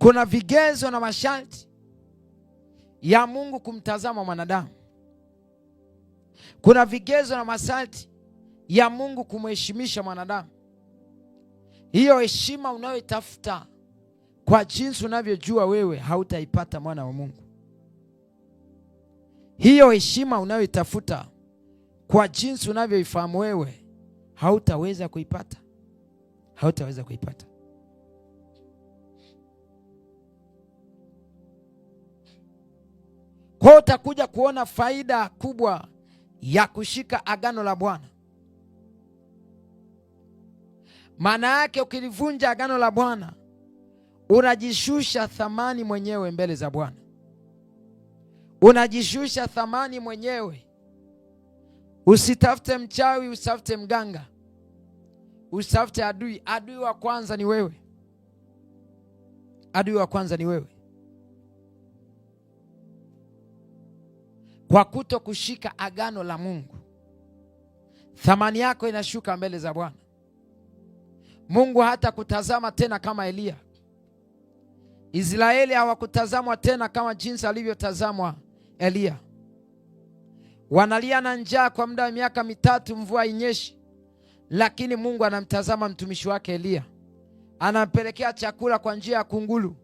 Kuna vigezo na masharti ya Mungu kumtazama mwanadamu. Kuna vigezo na masharti ya Mungu kumheshimisha mwanadamu. Hiyo heshima unayoitafuta kwa jinsi unavyojua wewe, hautaipata mwana wa Mungu. Hiyo heshima unayoitafuta kwa jinsi unavyoifahamu wewe, hautaweza kuipata, hautaweza kuipata. Kwa hiyo utakuja kuona faida kubwa ya kushika agano la Bwana. Maana yake ukilivunja agano la Bwana unajishusha thamani mwenyewe mbele za Bwana, unajishusha thamani mwenyewe. Usitafute mchawi, usitafute mganga, usitafute adui. Adui wa kwanza ni wewe, adui wa kwanza ni wewe. kwa kuto kushika agano la Mungu, thamani yako inashuka mbele za Bwana Mungu. Hata kutazama tena kama Eliya. Israeli hawakutazamwa tena kama jinsi alivyotazamwa Eliya. Wanalia na njaa kwa muda wa miaka mitatu, mvua inyeshi, lakini Mungu anamtazama mtumishi wake Eliya, anampelekea chakula kwa njia ya kunguru,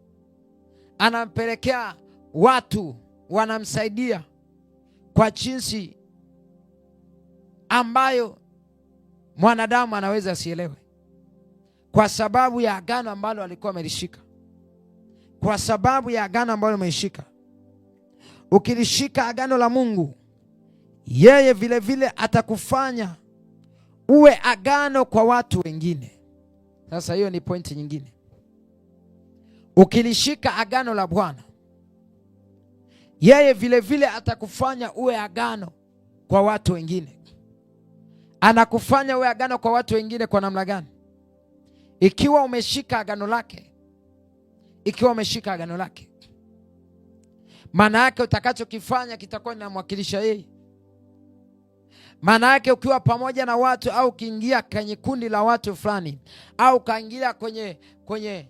anampelekea watu wanamsaidia kwa jinsi ambayo mwanadamu anaweza asielewe, kwa sababu ya agano ambalo alikuwa amelishika, kwa sababu ya agano ambalo ameishika. Ukilishika agano la Mungu, yeye vilevile vile atakufanya uwe agano kwa watu wengine. Sasa hiyo ni pointi nyingine. Ukilishika agano la Bwana yeye vilevile vile atakufanya uwe agano kwa watu wengine. Anakufanya uwe agano kwa watu wengine kwa namna gani? Ikiwa umeshika agano lake, ikiwa umeshika agano lake, maana yake utakachokifanya kitakuwa inamwakilisha yeye. Maana yake ukiwa pamoja na watu au ukiingia kwenye kundi la watu fulani au ukaingia kwenye, kwenye,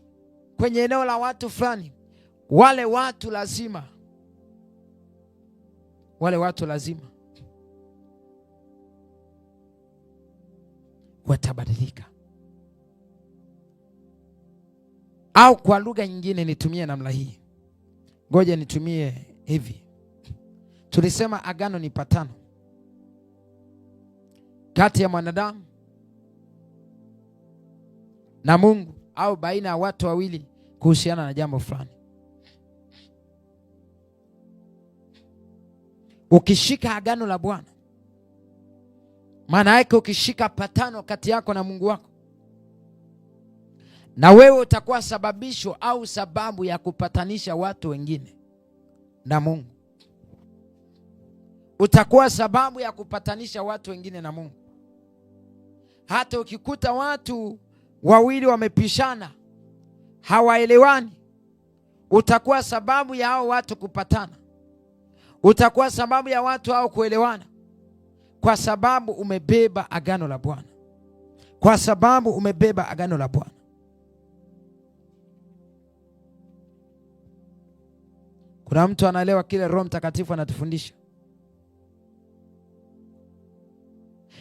kwenye eneo la watu fulani, wale watu lazima wale watu lazima watabadilika, au kwa lugha nyingine nitumie namna hii, ngoja nitumie hivi. Tulisema agano ni patano kati ya mwanadamu na Mungu au baina ya watu wawili kuhusiana na jambo fulani. Ukishika agano la Bwana, maana yake ukishika patano kati yako na Mungu wako, na wewe utakuwa sababisho au sababu ya kupatanisha watu wengine na Mungu. Utakuwa sababu ya kupatanisha watu wengine na Mungu. Hata ukikuta watu wawili wamepishana, hawaelewani, utakuwa sababu ya hao watu kupatana utakuwa sababu ya watu hao kuelewana, kwa sababu umebeba agano la Bwana, kwa sababu umebeba agano la Bwana. Kuna mtu anaelewa kile Roho Mtakatifu anatufundisha?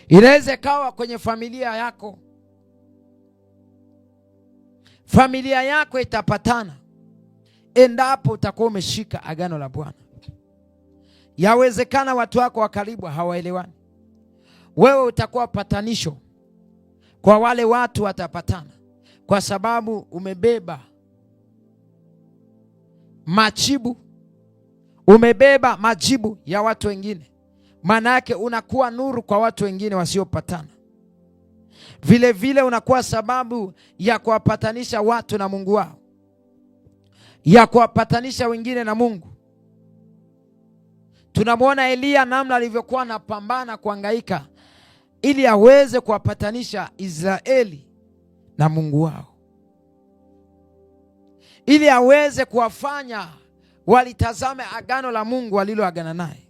Inaweza ikawa kwenye familia yako, familia yako itapatana endapo utakuwa umeshika agano la Bwana. Yawezekana watu wako wa karibu hawaelewani, wewe utakuwa patanisho kwa wale watu, watapatana kwa sababu umebeba majibu, umebeba majibu ya watu wengine. Maana yake unakuwa nuru kwa watu wengine wasiopatana, vile vile unakuwa sababu ya kuwapatanisha watu na Mungu wao, ya kuwapatanisha wengine na Mungu. Tunamwona Eliya namna alivyokuwa anapambana kuangaika ili aweze kuwapatanisha Israeli na Mungu wao, ili aweze kuwafanya walitazame agano la Mungu aliloagana naye.